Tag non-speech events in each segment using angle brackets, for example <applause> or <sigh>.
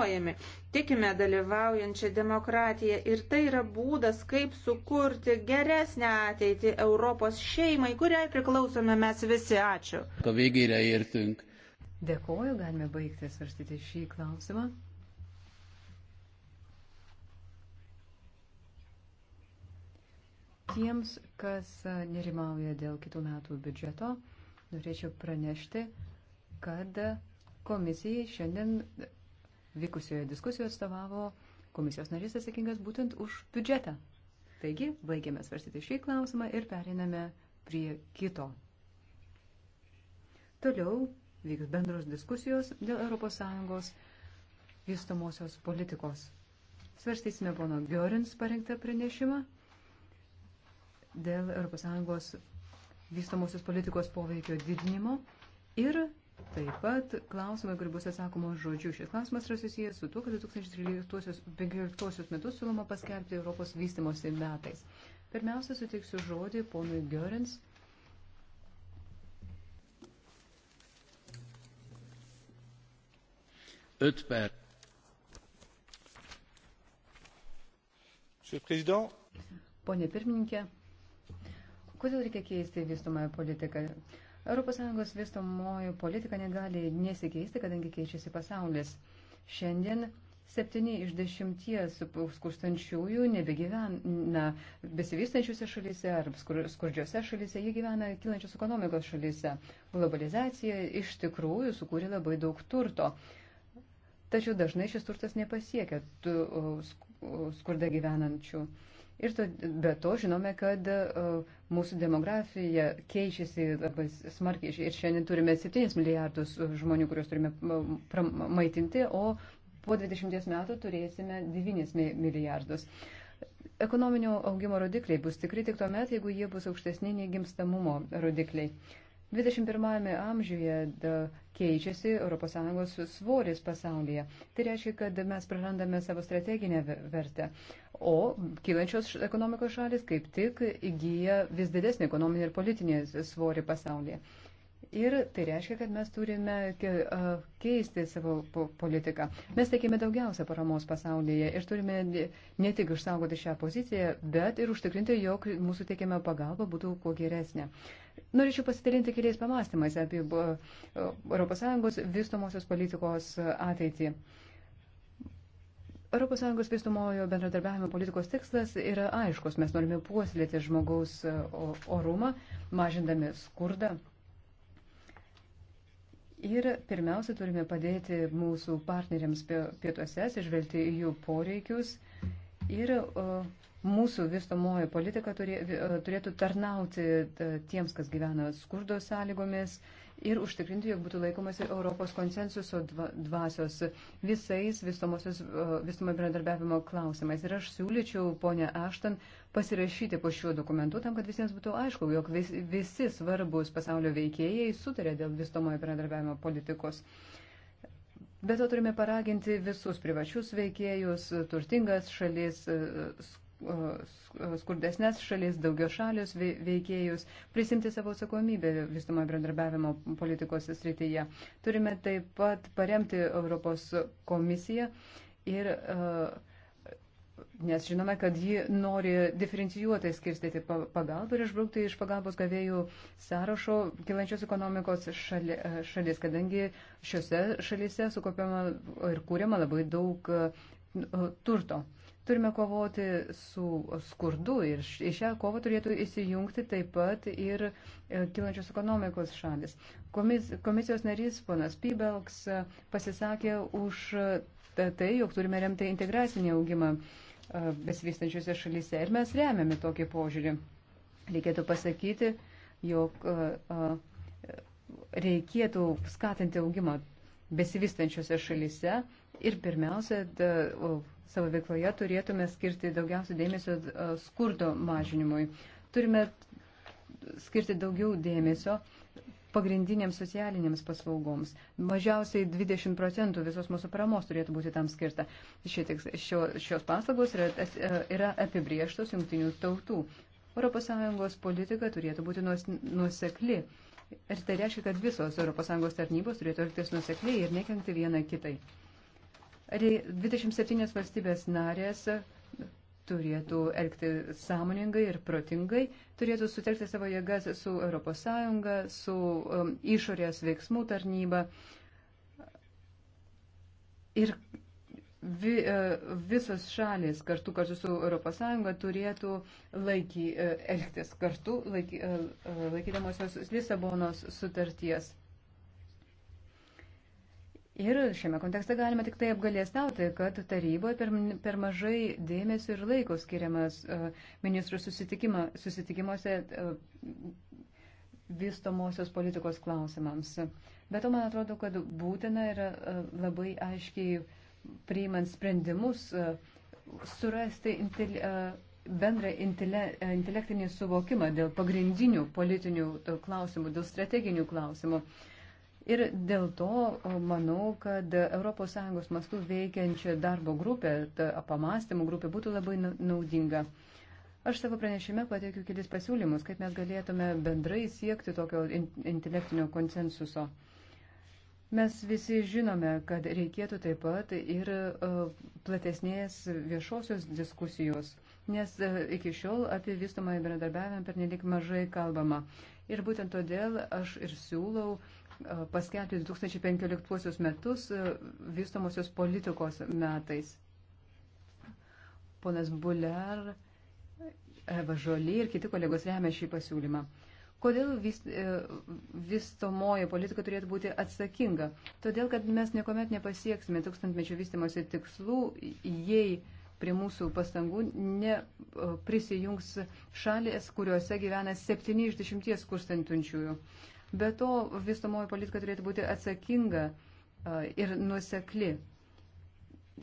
plėtojami. Tikime dalyvaujančią demokratiją ir tai yra būdas, kaip sukurti geresnę ateitį Europos šeimai, kuriai priklausome mes visi. Ačiū. Dėkuoju, galime baigti svarstyti šį klausimą. Tiems, kas nerimauja dėl kitų metų biudžeto, norėčiau pranešti, kad komisijai šiandien vykusioje diskusijoje atstovavo komisijos narys atsakingas būtent už biudžetą. Taigi, baigėme svarstyti šį klausimą ir periname prie kito. Toliau vyks bendros diskusijos dėl ES vystomosios politikos. Svarstysime pono Görins parengtą pranešimą dėl ES vystomosios politikos poveikio didinimo ir Taip pat klausimai, kur bus atsakoma žodžiu. Šis klausimas yra susijęs su tuo, kad 2013 metus siūloma paskelbti Europos vystimosi metais. Pirmiausia, suteiksiu žodį ponui Görins. Ötper. Pone pirmininkė, kodėl reikia keisti vystomąją politiką? ES vystomoji politika negali nesikeisti, kadangi keičiasi pasaulis. Šiandien septyni iš dešimties skurstančiųjų nebegyvena besivystančiuose šalyse ar skur, skurdžiose šalyse, jie gyvena kilančios ekonomikos šalyse. Globalizacija iš tikrųjų sukūrė labai daug turto. Tačiau dažnai šis turtas nepasiekia tų, uh, uh, skurda gyvenančių. Uh, Ir to, be to žinome, kad e, mūsų demografija keičiasi labai smarkiai. Ir šiandien turime 7 milijardus žmonių, kuriuos turime maitinti, o po 20 metų turėsime 9 milijardus. Ekonominio augimo rodikliai bus tikri tik tuo metu, jeigu jie bus aukštesni nei gimstamumo rodikliai. 21 amžiuje da, keičiasi ES svoris pasaulyje. Tai reiškia, kad mes prarandame savo strateginę vertę, o kylančios ekonomikos šalis kaip tik įgyja vis didesnį ekonominį ir politinį svorį pasaulyje. Ir tai reiškia, kad mes turime keisti savo politiką. Mes teikime daugiausia paramos pasaulyje ir turime ne tik išsaugoti šią poziciją, bet ir užtikrinti, jog mūsų teikiama pagalba būtų kuo geresnė. Norėčiau pasidalinti keliais pamastymais apie ES vystomosios politikos ateitį. ES vystumojo bendradarbiavimo politikos tikslas yra aiškus. Mes norime puoselėti žmogaus orumą, mažindami skurdą Ir pirmiausia, turime padėti mūsų partneriams pietuose, atsižvelgti į jų poreikius. Ir mūsų vystomoji politika turėtų tarnauti tiems, kas gyvena skurdo sąlygomis ir užtikrinti, jog būtų laikomasi Europos konsensuso dvasios visais vystumo bendradarbiavimo klausimais. Ir aš siūlyčiau, ponė Aštan, pasirašyti po šiuo dokumentu tam, kad visiems būtų aišku, jog vis, visi svarbus pasaulio veikėjai sutarė dėl vystumo bendradarbiavimo politikos. Be to turime paraginti visus privačius veikėjus, turtingas šalis, skurdesnės šalis, daugio šalius veikėjus, prisimti savo atsakomybę vystumą bendradarbiavimo politikos srityje. Turime taip pat paremti Europos komisiją ir. Nes žinome, kad ji nori diferencijuotai skirstyti pagalbą ir išbraukti iš pagalbos gavėjų sąrašo kilančios ekonomikos šali, šalis, kadangi šiuose šalise sukopiama ir kūriama labai daug turto. Turime kovoti su skurdu ir į šią kovą turėtų įsijungti taip pat ir e, kilančios ekonomikos šalis. Komis, komisijos narys ponas Pybelks e, pasisakė už e, tai, jog turime remti integracinį augimą besivystančiuose šalyse ir mes remiame tokį požiūrį. Reikėtų pasakyti, jog reikėtų skatinti augimą besivystančiuose šalyse ir pirmiausia, da, savo veikloje turėtume skirti daugiausia dėmesio e, skurdo mažinimui. Turime skirti daugiau dėmesio pagrindinėms socialinėms paslaugoms. Mažiausiai 20 procentų visos mūsų paramos turėtų būti tam skirta. Šitiks, šio, šios paslaugos yra, e, yra apibrieštos jungtinių tautų. ES politika turėtų būti nuosekli. Ir tai reiškia, kad visos ES tarnybos turėtų elgtis nuosekliai ir nekengti vieną kitai. 27 valstybės narės turėtų elgti sąmoningai ir protingai, turėtų sutelkti savo jėgas su ES, su um, išorės veiksmų tarnyba. Ir vi, uh, visos šalis kartu kartu su ES turėtų laiky, uh, elgtis kartu, laiky, uh, laikydamosios Lisabonos sutarties. Ir šiame kontekste galime tik tai apgalėstauti, kad taryboje per, per mažai dėmesio ir laiko skiriamas uh, ministrų susitikimuose uh, vystomosios politikos klausimams. Bet to man atrodo, kad būtina yra uh, labai aiškiai priimant sprendimus uh, surasti intel, uh, bendrą intele, uh, intelektinį suvokimą dėl pagrindinių politinių uh, klausimų, dėl strateginių klausimų. Uh, Ir dėl to manau, kad ES mastų veikiančia darbo grupė, pamastymų grupė būtų labai naudinga. Aš savo pranešime pateikiu kelis pasiūlymus, kaip mes galėtume bendrai siekti tokio intelektinio konsensuso. Mes visi žinome, kad reikėtų taip pat ir platesnės viešosios diskusijos, nes e, iki šiol apie vystomą bendradarbiavimą per nelik mažai kalbama. Ir būtent todėl aš ir siūlau uh, E, paskelbti 2015 metus e, vystomosios politikos metais. Ponas Buller, Eva Žoly ir kiti kolegos remia šį pasiūlymą. Kodėl vis, e, vystomoji politika turėtų būti atsakinga? Todėl, kad mes niekuomet nepasieksime tūkstantmečio vystimosi tikslų, jei prie mūsų pastangų neprisijungs šalis, kuriuose gyvena 7 iš 10 skurstančiųjų. Be to, vystomoji politika turėtų būti atsakinga ir nusekli.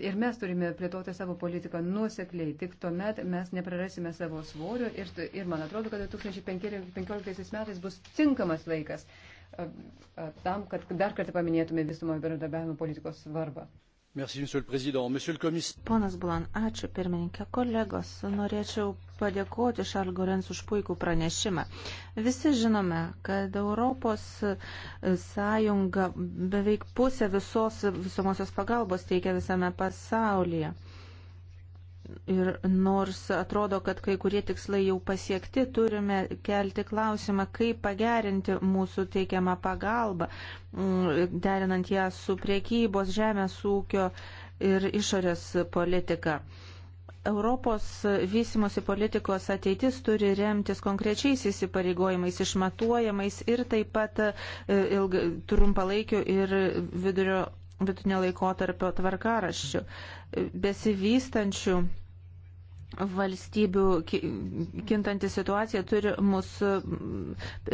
Ir mes turime plėtoti savo politiką nusekliai, tik tuomet mes neprarasime savo svorio ir, ir man atrodo, kad 2015 metais bus tinkamas laikas tam, kad dar kartą paminėtume visumo bendradarbiavimo politikos svarbą. Merci, monsieur le président. Monsieur le commissaire. Ponas Bulan, ačiū pirmininkė. Kolegos, norėčiau padėkoti Šarl Gorens už puikų pranešimą. Visi žinome, kad Europos sąjunga beveik pusę visos visomosios pagalbos teikia visame pasaulyje. Ir nors atrodo, kad kai kurie tikslai jau pasiekti, turime kelti klausimą, kaip pagerinti mūsų teikiamą pagalbą, mm, derinant ją su priekybos, žemės ūkio ir išorės politika. Europos vystimosi politikos ateitis turi remtis konkrečiais įsipareigojimais, išmatuojamais ir taip pat e, ilg, trumpalaikiu ir vidurio vidutinio laikotarpio tvarkaraščių. Besivystančių valstybių kintanti situacija turi mus,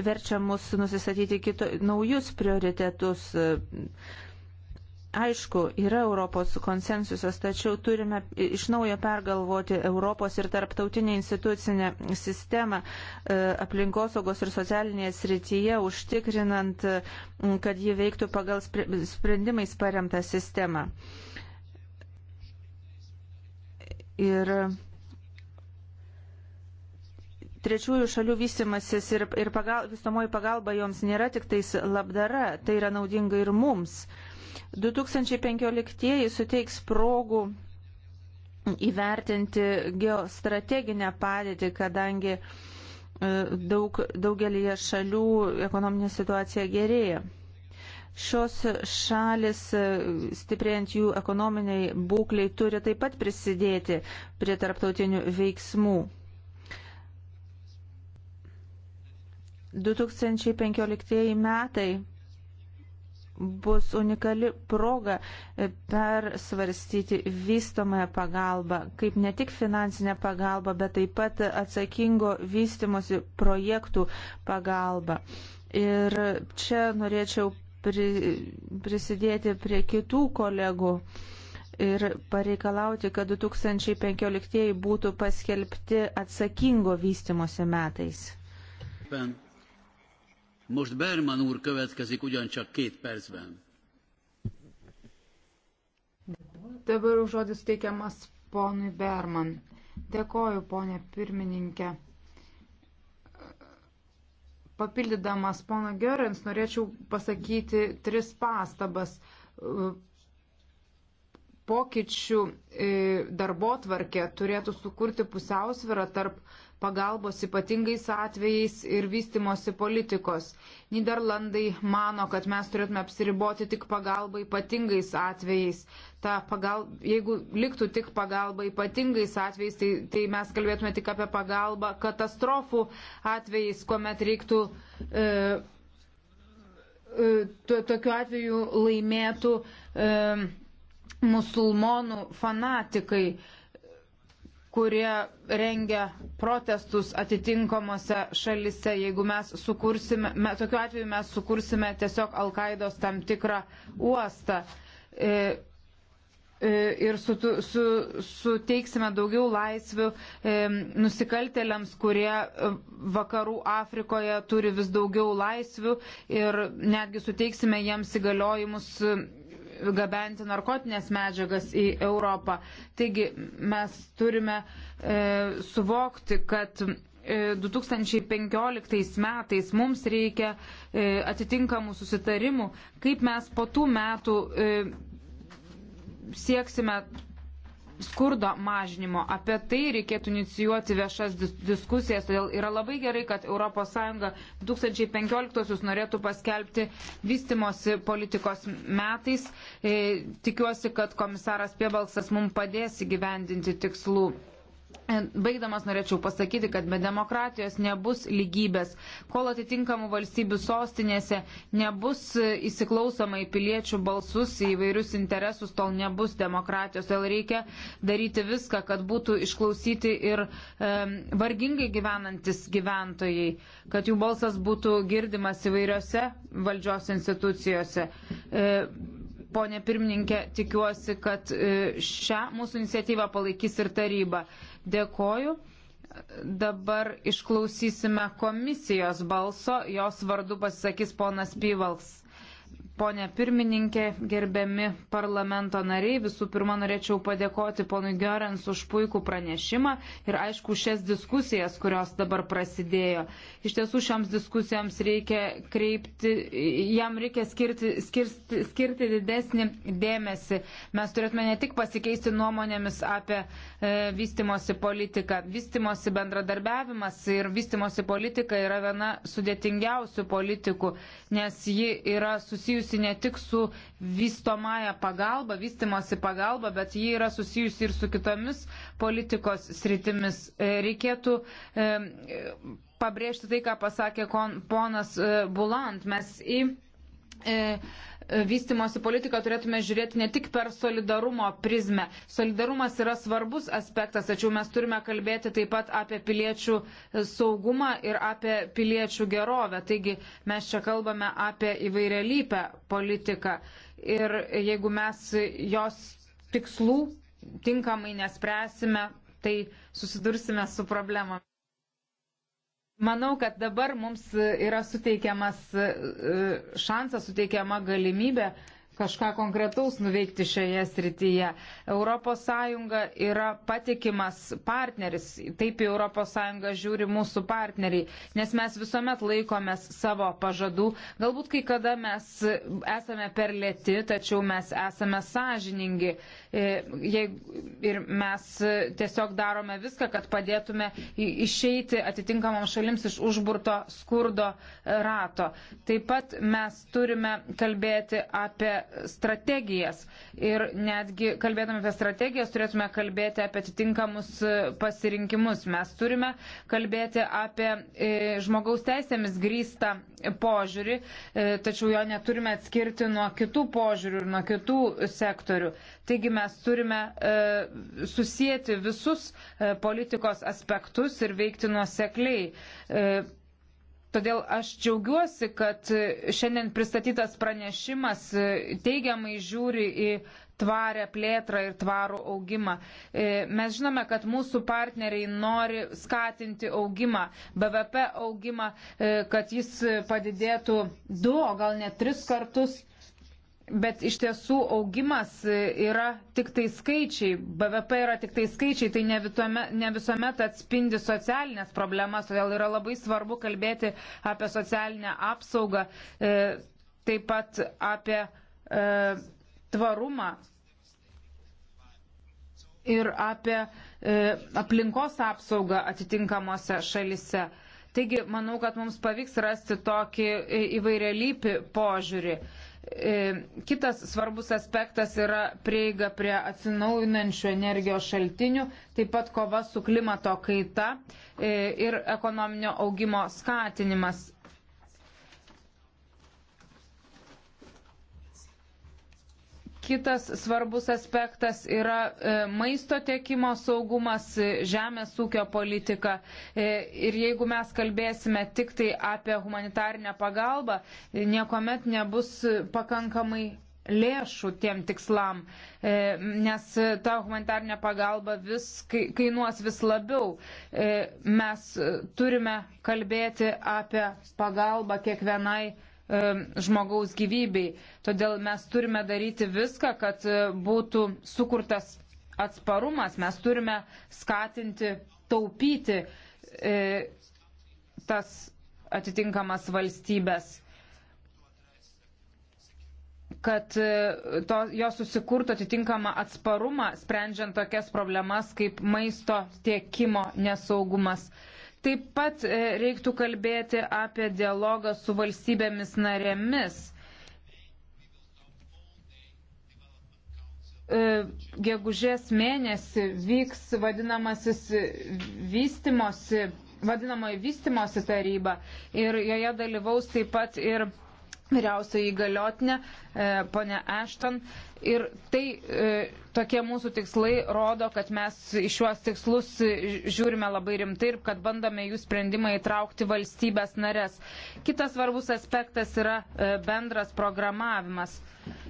verčia mus nusistatyti kito, naujus prioritetus Aišku, yra Europos konsensusas, tačiau turime iš naujo pergalvoti Europos ir tarptautinę institucinę sistemą e, aplinkosaugos ir socialinėje srityje, užtikrinant, kad ji veiktų pagal sprendimais paremtą sistemą. Ir trečiųjų šalių vystimasis ir, ir pagal, visamoji pagalba joms nėra tik tais labdara, tai yra naudinga ir mums. Uh, 2015 suteiks progų įvertinti geostrateginę padėtį, kadangi e, daug, daugelį šalių ekonominė situacija gerėja. Šios šalis, e, stiprėjant jų ekonominiai būkliai, turi taip pat prisidėti prie tarptautinių veiksmų. 2015 metai bus unikali proga persvarstyti vystomąją pagalbą, kaip ne tik finansinę pagalbą, bet taip pat atsakingo vystimosi projektų pagalbą. Ir čia norėčiau pri, prisidėti prie kitų kolegų ir pareikalauti, kad 2015 būtų paskelbti atsakingo vystimosi metais. Ben. Most Berman úr következik ugyancsak két percben. Dabar žodis teikiamas ponui Berman. Dėkoju, ponė pirmininkė. Papildydamas pono Gerens, norėčiau pasakyti tris pastabas pokyčių e, darbo tvarkė turėtų sukurti pusiausvirą tarp pagalbos ypatingais atvejais ir vystimosi politikos. Niderlandai mano, kad mes turėtume apsiriboti tik pagalba ypatingais atvejais. Ta pagal, jeigu liktų tik pagalba ypatingais atvejais, tai, tai mes kalbėtume tik apie pagalbą katastrofų atvejais, kuomet reiktų. E, e Tokiu atveju laimėtų e, musulmonų fanatikai, kurie rengia protestus atitinkamose šalise. Jeigu mes sukursime, me, tokiu atveju mes sukursime tiesiog Al-Qaidos tam tikrą uostą. E, e ir suteiksime su, su, su daugiau laisvių e, nusikaltėliams, kurie e, vakarų Afrikoje turi vis daugiau laisvių ir netgi suteiksime jiems įgaliojimus gabenti narkotinės medžiagas į Europą. Taigi mes turime e, suvokti, kad 2015 e, metais mums reikia e, atitinkamų susitarimų, kaip mes po tų metų e, sieksime skurdo mažinimo. Apie tai reikėtų inicijuoti viešas diskusijas, todėl yra labai gerai, kad ES 2015 norėtų paskelbti vystimosi politikos metais. E, tikiuosi, kad komisaras Piebalsas mums padės įgyvendinti tikslų. Baigdamas norėčiau pasakyti, kad be demokratijos nebus lygybės, kol atitinkamų valstybių sostinėse nebus įsiklausoma į piliečių balsus, į vairius interesus, tol nebus demokratijos. Todėl reikia daryti viską, kad būtų išklausyti ir e, vargingai gyvenantis gyventojai, kad jų balsas būtų girdimas įvairiose valdžios institucijose. E, Pone pirmininkė, tikiuosi, kad e, šią mūsų iniciatyvą palaikys ir taryba. Dėkoju. Dabar išklausysime komisijos balso. Jos vardu pasisakys ponas Pivalks. Pone pirmininkė, gerbiami parlamento nariai, visų pirma norėčiau padėkoti ponui Gerens už puikų pranešimą ir aišku šias diskusijas, kurios dabar prasidėjo. Iš tiesų šioms diskusijoms reikia kreipti, jam reikia skirti, skirti, skirti didesnį dėmesį. Mes turėtume ne tik pasikeisti nuomonėmis apie e, vystimosi politiką. Vystimosi bendradarbiavimas ir vystimosi politika yra viena sudėtingiausių politikų, nes ji yra susijusi susijusi ne tik su vystomąją pagalbą, vystimosi pagalbą, bet ji yra susijusi ir su kitomis politikos sritimis. E, reikėtų e, pabrėžti tai, ką pasakė kon, ponas e, Bulant. Mes į e, vystimosi politiką turėtume žiūrėti ne tik per solidarumo prizmę. Solidarumas yra svarbus aspektas, tačiau mes turime kalbėti taip pat apie piliečių saugumą ir apie piliečių gerovę. Taigi mes čia kalbame apie įvairialypę politiką. Ir jeigu mes jos tikslų tinkamai nespręsime, tai susidursime su problemomis. Manau, kad dabar mums yra suteikiamas e, šansas, suteikiama galimybė kažką konkretaus nuveikti šioje srityje. ES yra patikimas partneris, taip į ES žiūri mūsų partneriai, nes mes visuomet laikomės savo pažadų. Galbūt kai kada mes esame per lėti, tačiau mes esame sąžiningi. E, ir mes tiesiog darome viską, kad padėtume išeiti atitinkamam šalims iš užburto skurdo rato. Taip pat mes turime kalbėti apie strategijas ir netgi kalbėdami apie strategijas turėtume kalbėti apie atitinkamus pasirinkimus. Mes turime kalbėti apie e, žmogaus teisėmis grįstą požiūrį, e, tačiau jo neturime atskirti nuo kitų požiūrių ir nuo kitų sektorių. Taigi mes turime e, susijęti visus e, politikos aspektus ir veikti nuosekliai. E, Todėl aš džiaugiuosi, kad šiandien pristatytas pranešimas e, teigiamai žiūri į tvarę plėtrą ir tvarų augimą. E, mes žinome, kad mūsų partneriai nori skatinti augimą, BVP augimą, e, kad jis padidėtų du, o gal net tris kartus. Bet iš tiesų augimas yra tik tai skaičiai, BVP yra tik tai skaičiai, tai ne, visuome, ne visuomet atspindi socialinės problemas, todėl yra labai svarbu kalbėti apie socialinę apsaugą, e, taip pat apie e, tvarumą ir apie e, aplinkos apsaugą atitinkamuose šalise. Taigi, manau, kad mums pavyks rasti tokį įvairialypį požiūrį. E, E, kitas svarbus aspektas yra prieiga prie atsinaujinančių energijos šaltinių, taip pat kova su klimato kaita e, ir ekonominio augimo skatinimas. Kitas svarbus aspektas yra e, maisto tiekimo saugumas, e, žemės ūkio politika. E, ir jeigu mes kalbėsime tik tai apie humanitarinę pagalbą, niekuomet nebus pakankamai lėšų tiem tikslam, nes ta humanitarinė pagalba vis kainuos vis labiau. Mes turime kalbėti apie pagalbą kiekvienai žmogaus gyvybei. Todėl mes turime daryti viską, kad e, būtų sukurtas atsparumas, mes turime skatinti, taupyti e, tas atitinkamas valstybės kad e, to, jo susikurtų atitinkamą atsparumą, sprendžiant tokias problemas kaip maisto tiekimo nesaugumas. E, Taip pat e, reiktų kalbėti apie dialogą su valstybėmis narėmis. E, gegužės mėnesį vyks vadinamasis vystimosi, vadinamoji vystimosi taryba ir joje dalyvaus taip pat ir vyriausiai įgaliotinę, e, ponę Ashton. Ir tai e, tokie mūsų tikslai rodo, kad mes į šiuos tikslus e, žiūrime labai rimtai ir kad bandome jų sprendimą įtraukti valstybės narės. Kitas svarbus aspektas yra e, bendras programavimas. E,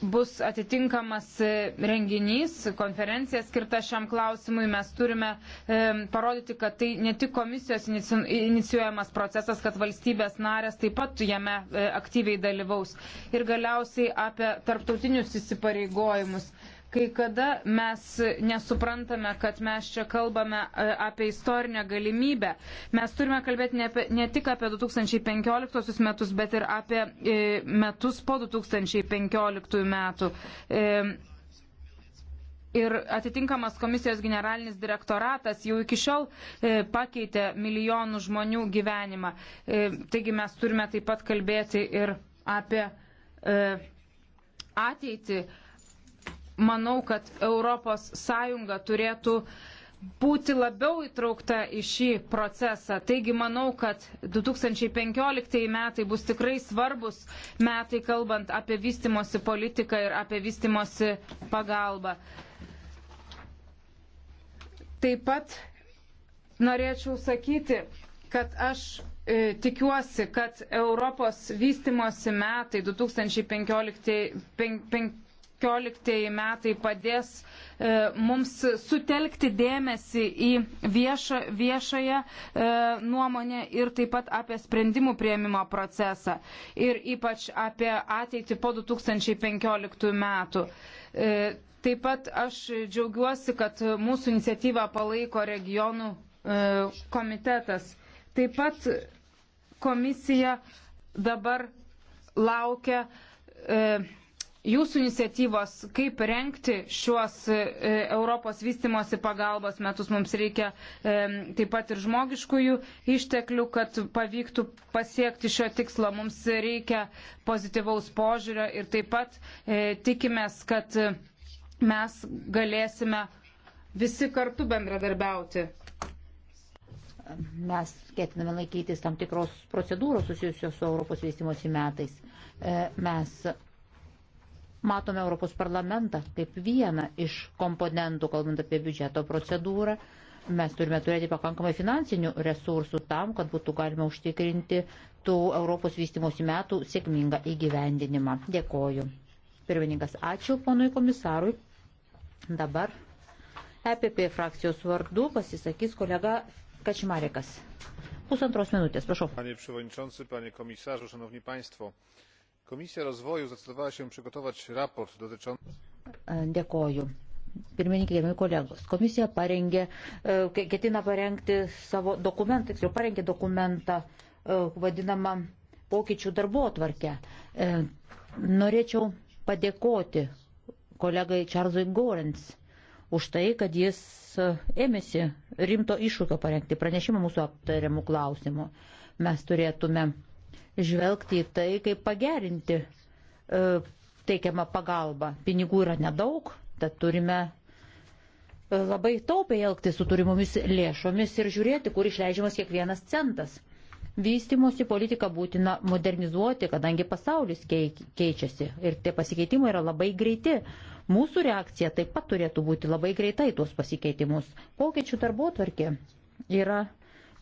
bus atitinkamas e, renginys, konferencija skirta šiam klausimui. Mes turime e, parodyti, kad tai ne tik komisijos inicijuojamas procesas, kad valstybės narės taip pat jame e, aktyviai dalyvaus. Ir galiausiai apie tarptautinius įsipareigojimus. Kai kada mes nesuprantame, kad mes čia kalbame e, apie istorinę galimybę. Mes turime kalbėti ne, apie, ne tik apie 2015 metus, bet ir apie e, metus po 2015 metų. E, ir atitinkamas komisijos generalinis direktoratas jau iki šiol e, pakeitė milijonų žmonių gyvenimą. E, taigi mes turime taip pat kalbėti ir apie e, ateitį. E, manau, kad ES turėtų būti labiau įtraukta į šį procesą. Taigi manau, kad 2015 metai bus tikrai svarbus metai, kalbant apie vystimosi politiką ir apie vystimosi pagalbą. Taip pat norėčiau sakyti, kad aš e, tikiuosi, kad Europos vystimosi metai 2015 pen, pen, 2015 metai padės e, mums sutelkti dėmesį į viešą, viešąją e, nuomonę ir taip pat apie sprendimų prieimimo procesą ir ypač apie ateitį po 2015 metų. E, taip pat aš džiaugiuosi, kad mūsų iniciatyvą palaiko regionų e, komitetas. Taip pat komisija dabar laukia e, jūsų iniciatyvos, kaip renkti šiuos e, Europos vystimosi pagalbos metus. Mums reikia e, taip pat ir žmogiškųjų išteklių, kad pavyktų pasiekti šio tikslo. Mums reikia pozityvaus požiūrio ir taip pat e, tikimės, kad mes galėsime visi kartu bendradarbiauti mes ketiname laikytis tam tikros procedūros susijusios su Europos vystimosi metais. Mes matome Europos parlamentą kaip vieną iš komponentų, kalbant apie biudžeto procedūrą. Mes turime turėti pakankamai finansinių resursų tam, kad būtų galima užtikrinti tų Europos vystimosi metų sėkmingą įgyvendinimą. Dėkoju. Pirmininkas, ačiū ponui komisarui. Dabar EPP frakcijos vardu pasisakys kolega Kačmarekas. Pusantros minutės, prašau. Panie przewodniczący, panie komisarzu, szanowni państwo. Komisija rozvoju zdecydowała się przygotować raport dotyczący. E, Dėkoju. Pirmininkė, gerbimi kolegos, komisija parengė, e, ketina parengti savo dokumentą, tiksliau parengė dokumentą e, vadinamą pokyčių darbo tvarkę. Norėčiau padėkoti kolegai Čarzui Gorens už tai, kad jis ėmėsi rimto iššūkio parengti pranešimą mūsų aptariamų klausimų. Mes turėtume žvelgti į tai, kaip pagerinti e, teikiamą pagalbą. Pinigų yra nedaug, tad turime e, labai taupiai elgti su turimomis lėšomis ir žiūrėti, kur išleidžiamas kiekvienas centas. Vystimosi politiką būtina modernizuoti, kadangi pasaulis keičiasi ir tie pasikeitimai yra labai greiti. Mūsų reakcija taip pat turėtų būti labai greitai tuos pasikeitimus. Pokyčių darbo tvarkė yra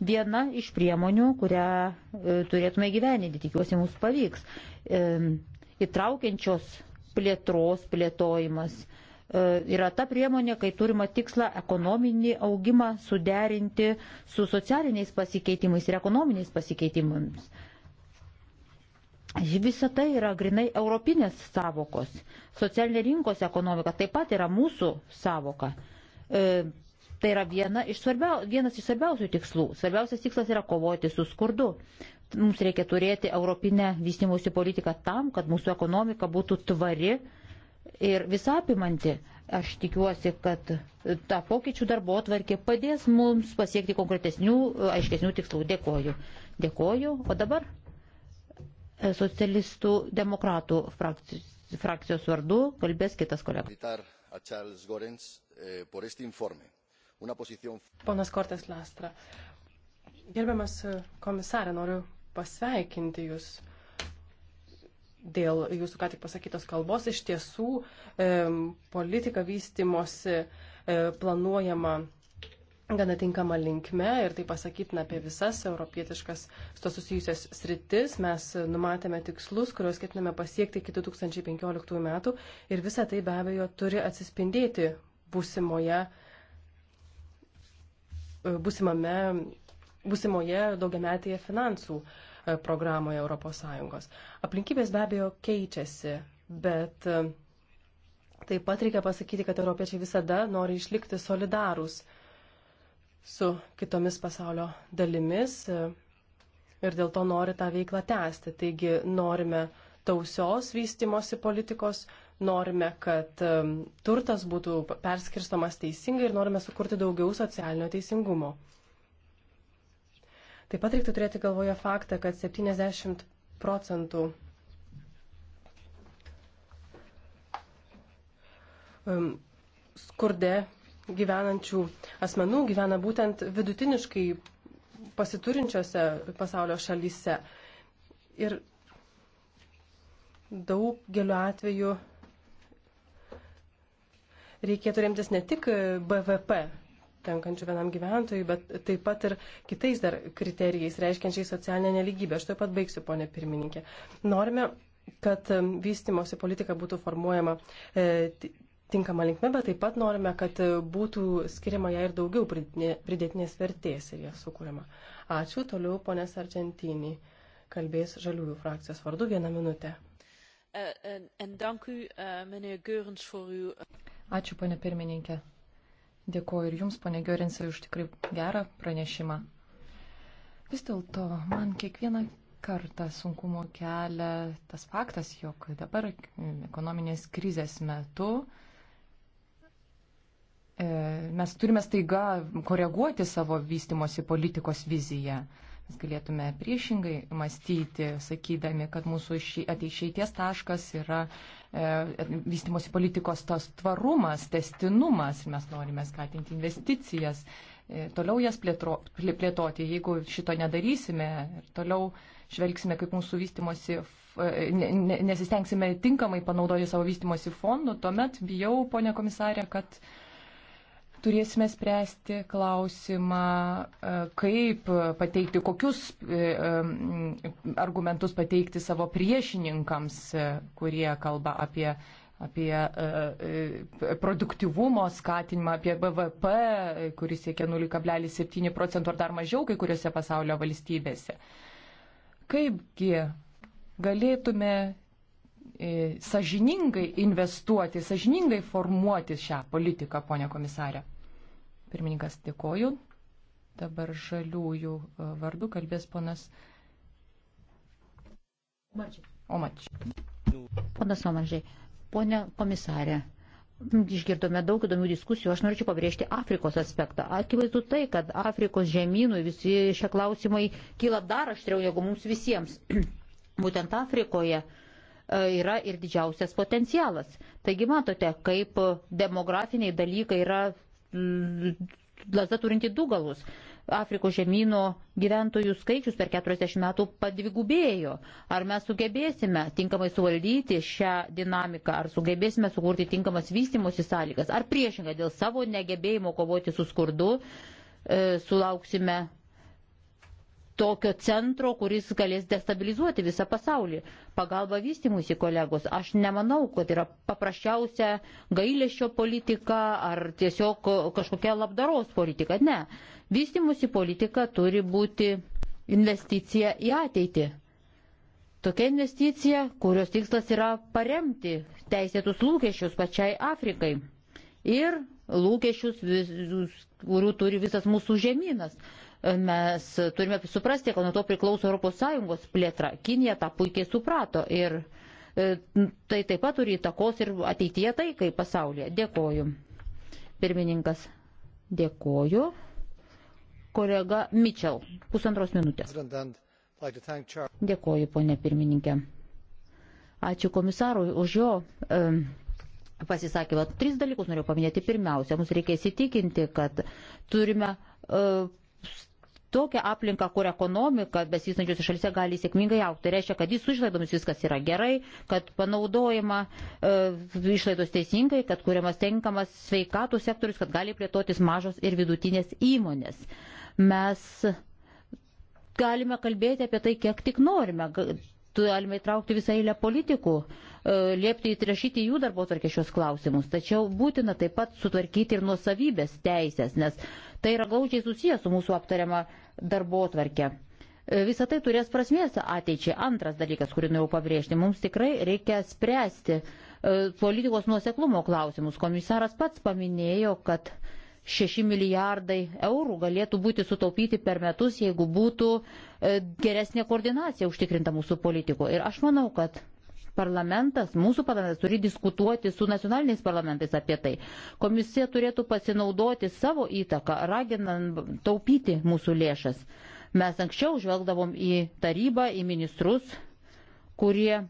viena iš priemonių, kurią e, turėtume gyveninti, tikiuosi mums pavyks. E, įtraukiančios plėtros plėtojimas e, yra ta priemonė, kai turima tiksla ekonominį augimą suderinti su socialiniais pasikeitimais ir ekonominiais pasikeitimais. Visa tai yra grinai europinės savokos. Socialinė rinkos ekonomika taip pat yra mūsų savoka. E, Tai yra viena iš svarbiau, vienas iš svarbiausių tikslų. Svarbiausias tikslas yra kovoti su skurdu. Mums reikia turėti europinę vystimusi politiką tam, kad mūsų ekonomika būtų tvari ir visapimanti. Aš tikiuosi, kad ta pokyčių darbo atvarkė padės mums pasiekti konkretesnių, aiškesnių tikslų. Dėkoju. Dėkoju. O dabar e, socialistų demokratų frakcijos, frakcijos vardu kalbės kitas kolega. Eh, por este informe una posición. Ponas Kortės Lastra, gerbiamas e, komisarė, noriu pasveikinti Jūs dėl Jūsų ką tik pasakytos kalbos. Iš tiesų, e, politika vystimosi e, planuojama gana tinkama linkme ir tai pasakytina apie visas europietiškas su to susijusias sritis. Mes numatėme tikslus, kuriuos ketiname pasiekti iki 2015 metų ir visa tai be abejo turi atsispindėti būsimoje E, busimame, busimoje daugiametėje finansų e, programoje ES. Aplinkybės be abejo keičiasi, bet e, taip pat reikia pasakyti, kad europiečiai visada nori išlikti solidarūs su kitomis pasaulio dalimis ir dėl to nori tą veiklą tęsti. Taigi norime tausios vystimosi politikos, norime, kad turtas būtų perskirstomas teisingai ir norime sukurti daugiau socialinio teisingumo. Taip pat reiktų turėti galvoje faktą, kad 70 procentų skurde gyvenančių asmenų gyvena būtent vidutiniškai pasiturinčiose pasaulio šalyse. Ir daugeliu atveju reikėtų remtis ne tik BVP tenkančių vienam gyventojui, bet taip pat ir kitais dar kriterijais, reiškiančiais socialinę neligybę. Aš taip pat baigsiu, ponė pirmininkė. Norime, kad vystimosi politika būtų formuojama e, tinkama linkme, bet taip pat norime, kad e, būtų skiriama ją ir daugiau pridėtinės vertės ir ją sukūrima. Ačiū. Toliau ponė Sargentinį kalbės žaliųjų frakcijos vardu vieną minutę. Uh, uh, Ačiū, ponė pirmininkė. Dėkuoju ir Jums, ponė Giorinsai, už tikrai gerą pranešimą. Vis dėlto, man kiekvieną kartą sunkumo kelia tas faktas, jog dabar ekonominės krizės metu e, mes turime staiga koreguoti savo vystimosi politikos viziją. Mes galėtume priešingai mąstyti, sakydami, kad mūsų ateišeities taškas yra e, vystimosi politikos tas tvarumas, testinumas, mes norime skatinti investicijas, e, toliau jas plėtro, plėtoti. Jeigu šito nedarysime, toliau žvelgsime, kaip mūsų vystimosi, e, nesistengsime tinkamai panaudoti savo vystimosi fondų, tuomet bijau, ponė komisarė, kad turėsime spręsti klausimą, e, kaip pateikti, kokius e, e, argumentus pateikti savo priešininkams, kurie kalba apie, apie produktivumo skatinimą, apie BVP, kuris siekia 0,7 procentų ar dar mažiau kai kuriuose pasaulio valstybėse. Kaipgi galėtume E, sažiningai investuoti, sažiningai formuoti šią politiką, ponė komisarė. Pirmininkas, dėkoju. Dabar žaliųjų e, vardu kalbės ponas Omačiai. Ponas Omačiai, ponė komisarė. Išgirdome daug įdomių diskusijų, aš norėčiau pabrėžti Afrikos aspektą. Akivaizdu tai, kad Afrikos žemynui visi šie klausimai kyla dar aštriau negu mums visiems. <clears throat> Būtent Afrikoje uh, E, yra ir didžiausias potencialas. Taigi matote, kaip demografiniai dalykai yra mm, lazda turinti du galus. Afrikos žemynų gyventojų skaičius per 40 metų padvigubėjo. Ar mes sugebėsime tinkamai suvaldyti šią dinamiką, ar sugebėsime sukurti tinkamas vystimosi sąlygas, ar priešingai dėl savo negebėjimo kovoti su skurdu e, sulauksime tokio centro, kuris galės destabilizuoti visą pasaulį. Pagalba vystimusi kolegos, aš nemanau, kad yra paprasčiausia gailėšio politika ar tiesiog kažkokia labdaros politika. Ne. Vystimusi politika turi būti investicija į ateitį. Tokia investicija, kurios tikslas yra paremti teisėtus lūkesčius pačiai Afrikai ir lūkesčius, vis, kurių turi visas mūsų žemynas. Mes turime suprasti, kad nuo to priklauso ES plėtra. Kinija tą puikiai suprato ir e, tai taip pat turi įtakos ir ateityje taikai pasaulyje. Dėkoju. Pirmininkas, dėkoju. Kolega Mitchell, pusantros minutės. Dėkoju, ponė pirmininkė. Ačiū komisarui už jo e, pasisakymą. Tris dalykus noriu paminėti. Pirmiausia, mums reikia įsitikinti, kad turime e, tokią aplinką, kur ekonomika besistančiose šalise gali sėkmingai aukti. Tai reiškia, kad jis su išlaidomis viskas yra gerai, kad panaudojama e, išlaidos teisingai, kad kuriamas tinkamas sveikatų sektorius, kad gali plėtotis mažos ir vidutinės įmonės. Mes galime kalbėti apie tai, kiek tik norime. Galime įtraukti visą eilę politikų, e, liepti įtrašyti jų darbo tvarkė šios klausimus. Tačiau būtina taip pat sutvarkyti ir nuosavybės teisės, nes Tai yra gaučiai susijęs su mūsų aptariama darbo tvarkė. E, Visą tai turės prasmės ateičiai. Antras dalykas, kurį norėjau pabrėžti, mums tikrai reikia spręsti e, politikos nuoseklumo klausimus. Komisaras pats paminėjo, kad 6 milijardai eurų galėtų būti sutaupyti per metus, jeigu būtų e, geresnė koordinacija užtikrinta mūsų politikoje. Ir aš manau, kad parlamentas, mūsų parlamentas turi diskutuoti su nacionaliniais parlamentais apie tai. Komisija turėtų pasinaudoti savo įtaką, raginant taupyti mūsų lėšas. Mes anksčiau žvelgdavom į tarybą, į ministrus, kurie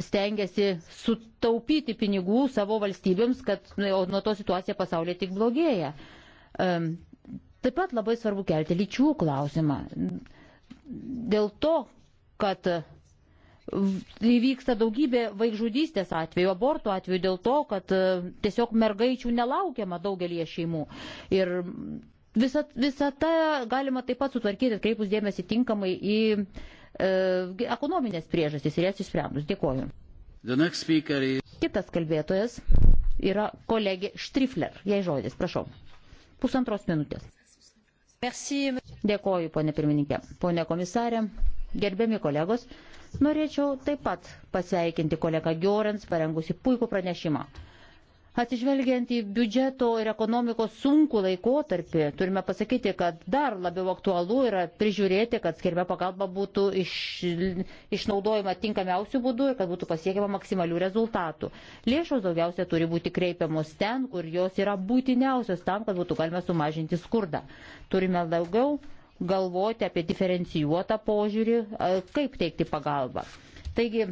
stengiasi sutaupyti pinigų savo valstybėms, kad nu, nuo to situacija pasaulyje tik blogėja. Taip pat labai svarbu kelti lyčių klausimą. Dėl to, kad Įvyksta daugybė vaikžudystės atvejų, abortų atvejų dėl to, kad e, tiesiog mergaičių nelaukiama daugelie šeimų. Ir visą, visą tą galima taip pat sutvarkyti, atkreipus dėmesį tinkamai į e, ekonominės priežastys ir jas išsprendus. Dėkoju. Is... Kitas kalbėtojas yra kolegė Štrifler. Jei žodis, prašau. Pusantros minutės. Merci. Dėkoju, ponė pirmininkė. Pone komisarė, gerbiami kolegos. Norėčiau taip pat pasveikinti kolegą Giorens, parengusi puikų pranešimą. Atsižvelgiant į biudžeto ir ekonomikos sunkų laikotarpį, turime pasakyti, kad dar labiau aktualu yra prižiūrėti, kad skirme pagalba būtų iš, išnaudojama tinkamiausių būdų ir kad būtų pasiekiama maksimalių rezultatų. Lėšos daugiausia turi būti kreipiamos ten, kur jos yra būtiniausios tam, kad būtų galima sumažinti skurdą. Turime daugiau galvoti apie diferencijuotą požiūrį, e, kaip teikti pagalbą. Taigi,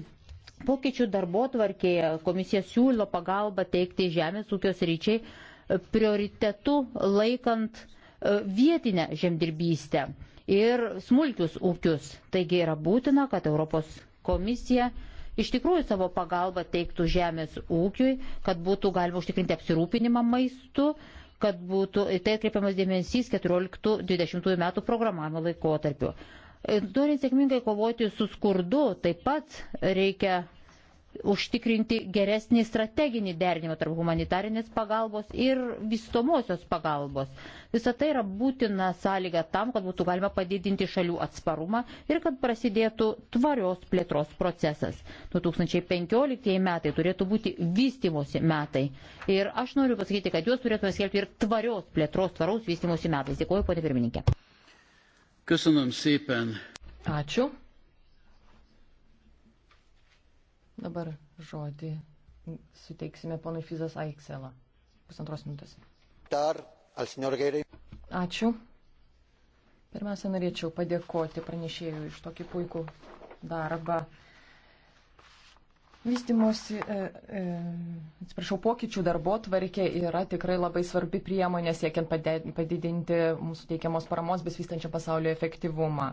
pokyčių darbo tvarkėje komisija siūlo pagalbą teikti žemės ūkio sryčiai e, prioritetu laikant e, vietinę žemdirbystę ir smulkius ūkius. Taigi yra būtina, kad Europos komisija iš tikrųjų savo pagalbą teiktų žemės ūkiui, kad būtų galima užtikrinti apsirūpinimą maistu, kad būtų į tai atkreipiamas dėmesys 14-20 metų programavimo laikotarpiu. Norint sėkmingai kovoti su skurdu, taip pat reikia užtikrinti geresnį strateginį derinimą tarp humanitarinės pagalbos ir vystomosios pagalbos. Visą tai yra būtina sąlyga tam, kad būtų galima padidinti šalių atsparumą ir kad prasidėtų tvarios plėtros procesas. 2015 metai turėtų būti vystimosi metai. Ir aš noriu pasakyti, kad juos turėtume skelbti ir tvarios plėtros, tvaraus vystimosi metais. Dėkuoju, ponė pirmininkė. Köszönöm szépen. Ačiū. Dabar žodį suteiksime ponui Fizas Aikselą. Pusantros minutės. Dar al senor Geriai. Ačiū. Pirmiausia, norėčiau padėkoti pranešėjui iš tokį puikų darbą. Vystimosi, e, e, atsiprašau, pokyčių darbo tvarkė yra tikrai labai svarbi priemonė siekiant padidinti mūsų teikiamos paramos besvystančio pasaulio efektyvumą.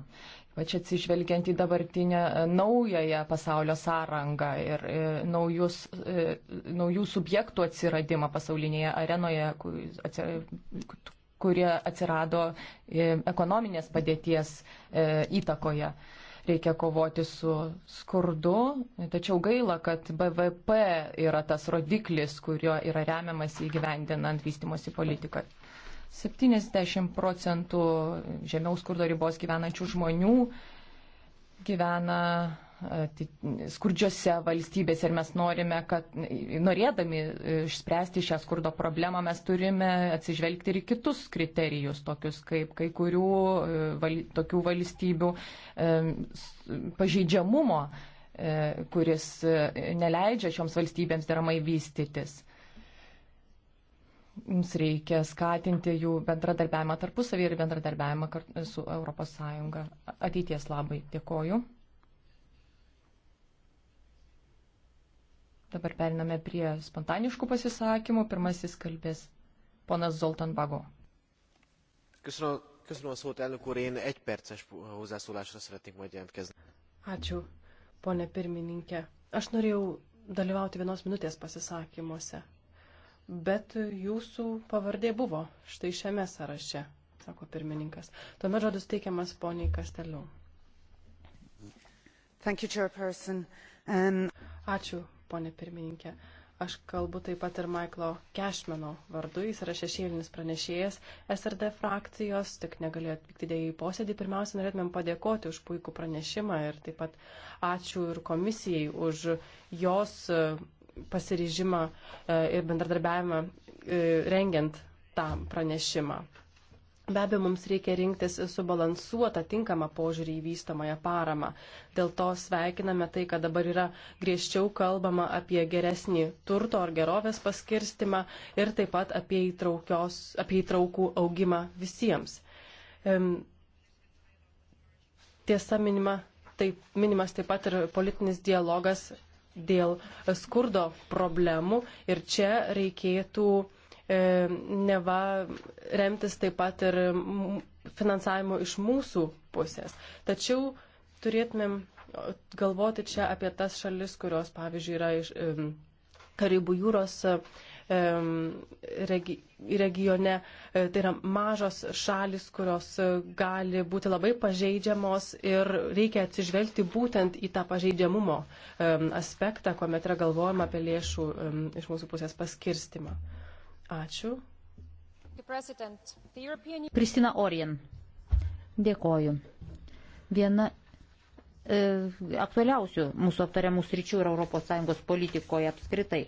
Ypač atsižvelgiant į dabartinę e, naująją pasaulio sąrangą ir naujus, naujų subjektų atsiradimą pasaulinėje arenoje, kurie atsirado ekonominės padėties įtakoje reikia kovoti su skurdu, tačiau gaila, kad BVP yra tas rodiklis, kurio yra remiamas įgyvendinant vystimosi politiką. 70 procentų žemiaus skurdo ribos gyvenančių žmonių gyvena skurdžiose valstybėse ir mes norime, kad norėdami e, išspręsti šią skurdo problemą mes turime atsižvelgti ir kitus kriterijus, tokius kaip kai kurių e, val, tokių valstybių e, pažeidžiamumo, kuris neleidžia šioms valstybėms deramai vystytis mums reikia skatinti jų bendradarbiavimą tarpusavį ir bendradarbiavimą su ES ateities labai. Dėkoju. Dabar periname prie spontaniškų pasisakymų. Pirmasis kalbės ponas Zoltan Bago. Köszönöm a szót, elnök úr, én egy perces hozzászólásra szeretnék majd jelentkezni. Ačiū, ponė pirmininkė. Aš norėjau dalyvauti vienos minutės pasisakymuose, bet jūsų pavardė buvo štai šiame sąraše, sako pirmininkas. Tuomet žodis teikiamas poniai Kasteliu. Um... Ačiū, ponė pirmininkė. Aš kalbu taip pat ir Maiklo Kešmeno vardu, jis yra šešėlinis pranešėjas SRD frakcijos, tik negalėjo atvykti dėja į posėdį. Pirmiausia, norėtumėm padėkoti už puikų pranešimą ir taip pat ačiū ir komisijai už jos e, pasiryžimą e, ir bendradarbiavimą e, rengiant tą pranešimą. Be abejo, mums reikia rinktis subalansuotą, tinkamą požiūrį į vystamąją paramą. Dėl to sveikiname tai, kad dabar yra griežčiau kalbama apie geresnį turto ar gerovės paskirstimą ir taip pat apie, apie įtraukų augimą visiems. Tiesa, minima, taip, minimas taip pat ir politinis dialogas dėl skurdo problemų ir čia reikėtų E, neva remtis taip pat ir finansavimu iš mūsų pusės. Tačiau turėtumėm galvoti čia apie tas šalis, kurios, pavyzdžiui, yra iš Karibų jūros regione, e, tai yra mažos šalis, kurios e, gali būti labai pažeidžiamos ir reikia atsižvelgti būtent į tą pažeidžiamumo aspektą, kuomet yra galvojama apie lėšų iš mūsų pusės paskirstimą. Ačiū. Kristina Orien. Dėkoju. Viena e, aktualiausių mūsų aptariamų sričių yra ES politikoje apskritai.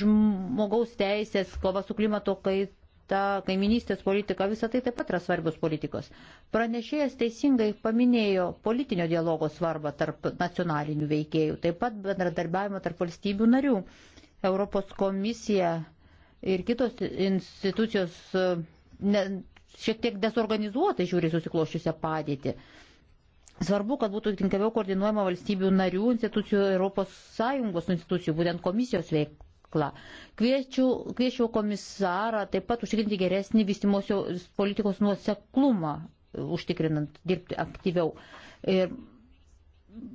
Žmogaus teisės, kova su klimato kaita, kaiminystės politika, visa tai taip pat yra svarbios politikos. Pranešėjas teisingai paminėjo politinio dialogo svarbą tarp nacionalinių veikėjų, taip pat bendradarbiavimo tarp valstybių narių. Europos komisija ir kitos institucijos e, ne, šiek tiek desorganizuotai žiūri susikloščiusią padėtį. Svarbu, kad būtų tinkamiau koordinuojama valstybių narių institucijų, ES institucijų, būtent komisijos veikla. Kviečiu, kviečiu komisarą taip pat užtikrinti geresnį vystimosios politikos nuoseklumą, užtikrinant dirbti aktyviau. Ir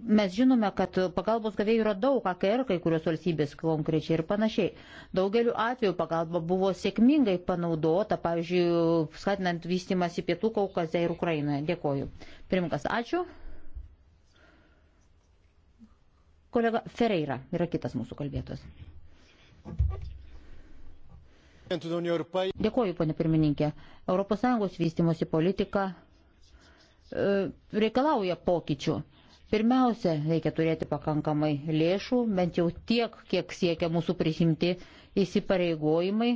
mes žinome, kad pagalbos gavėjų yra daug, AKR kai kurios valstybės konkrečiai ir panašiai. Daugeliu atveju pagalba buvo sėkmingai panaudota, pavyzdžiui, skatinant vystimąsi Pietų Kaukaze ir Ukrainoje. Dėkoju. Pirmininkas, ačiū. Kolega Ferreira yra kitas mūsų kalbėtojas. Dėkoju, ponė pirmininkė. ES vystimosi politika e, reikalauja pokyčių Pirmiausia, reikia turėti pakankamai lėšų, bent jau tiek, kiek siekia mūsų prisimti įsipareigojimai